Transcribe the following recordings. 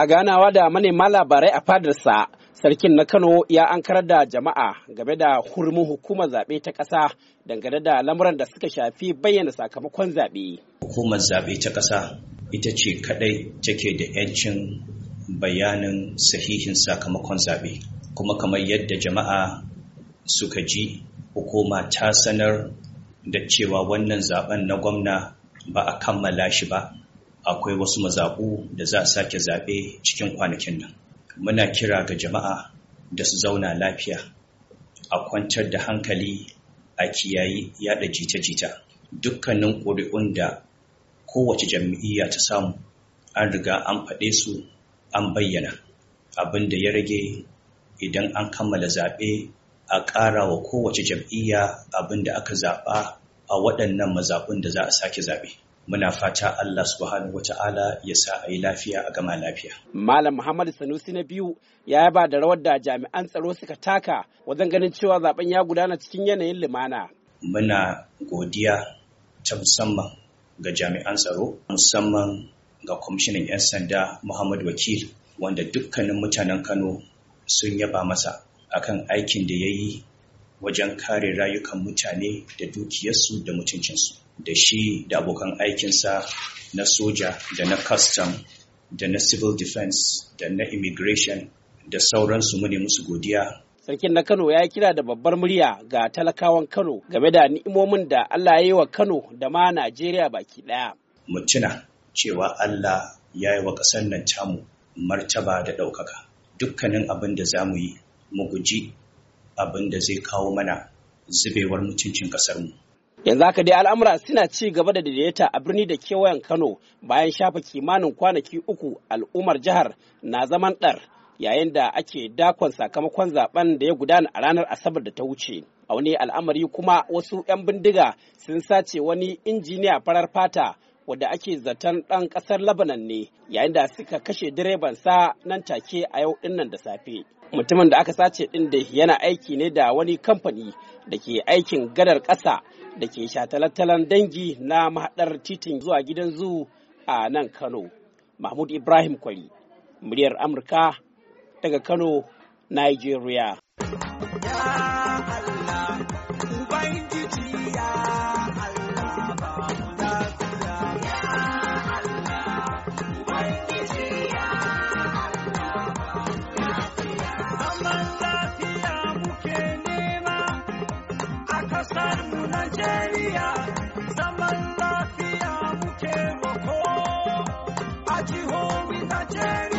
A ganawa da manema labarai a fadarsa, Sarkin na Kano ya ankarar da jama'a game da hurumin hukumar zaɓe ta ƙasa dangane da lamuran da suka shafi bayyana sakamakon zaɓe. Hukumar zaɓe ta ƙasa ita ce kaɗai take da 'yancin bayanin sahihin sakamakon zaɓe. Kuma kamar yadda jama'a suka ji, hukuma ta sanar da cewa wannan zaɓen na gwamna ba a kammala shi ba. akwai wasu mazaɓu da za a sake zaɓe cikin kwanakin nan muna kira ga jama'a da su zauna lafiya a kwantar da hankali a kiyayi yaɗa jita-jita dukkanin ƙuri'un da kowace jam'iyya ta samu an riga an faɗe su an bayyana abin da ya rage idan an kammala zaɓe a ƙara wa kowace jam'iyya abin da aka zaɓa a waɗannan mazaɓun da za a sake zaɓe. muna fata Allah subhanahu wata'ala ya sa a yi lafiya a gama lafiya. Malam Muhammad Sanusi na biyu ya yaba da rawar da jami'an tsaro suka taka wajen ganin cewa zaben ya gudana cikin yanayin lumana. Muna godiya ta musamman ga jami'an tsaro musamman ga kwamishinan 'yan sanda Muhammad Wakil wanda dukkanin mutanen Kano sun yaba masa akan aikin da ya yi wajen kare rayukan mutane da dukiyarsu da mutuncinsu da shi da abokan aikinsa na soja da na custom da na civil defense da na immigration da sauransu mune musu godiya sarkin na kano ya kira da babbar murya ga talakawan kano game da ni'imomin da allah ya yi wa kano da ma najeriya baki ɗaya. mutuna cewa allah ya yi wa ƙasar nan tamu martaba da ɗaukaka dukkanin abin da za mu yi mu guji abin da zai kawo mana zubewar mutuncin ƙasarmu. Yanzu haka dai al'amura suna ci gaba da daidaita a birni da kewayen Kano bayan shafa kimanin kwanaki uku al'ummar jihar na zaman ɗar yayin da ake dakon sakamakon zaben da ya gudana a ranar Asabar da ta wuce. A wani al'amari kuma wasu 'yan bindiga sun sace wani injiniya farar fata wadda ake zaton ɗan ƙasar Labanan ne yayin da suka kashe direban sa nan take a yau ɗinnan da safe. mutumin da aka sace din da yana aiki ne da wani kamfani da ke aikin gadar ƙasa da ke shatalantalan dangi na mahaɗar titin zuwa gidan zu a nan kano mahmud ibrahim kwari muryar amurka daga kano nigeria Najeriya zaman lafiya a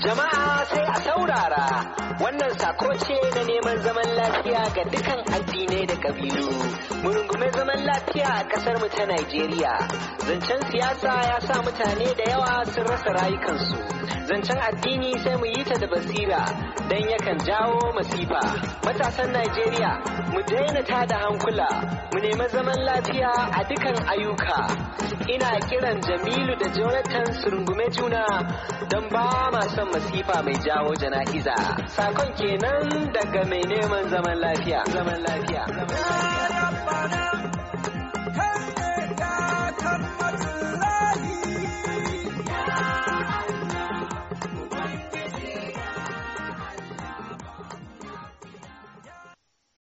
Jama'a sai a saurara wannan sako ce na neman zaman lafiya ga dukan addinai da kabilu. Murungume zaman lafiya a kasar mu ta Najeriya. Zancen siyasa ya sa mutane da yawa sun rasa rayukansu. Zancen addini sai mu yi ta da basira don yakan jawo masifa. Matasan Najeriya mu daina ta da hankula mu nemi zaman lafiya a dukan ayyuka. ina kiran jamilu da jonathan su rungume juna don ba ma son masifa mai jawo jana'iza sakon kenan daga mai neman zaman lafiya zaman lafiya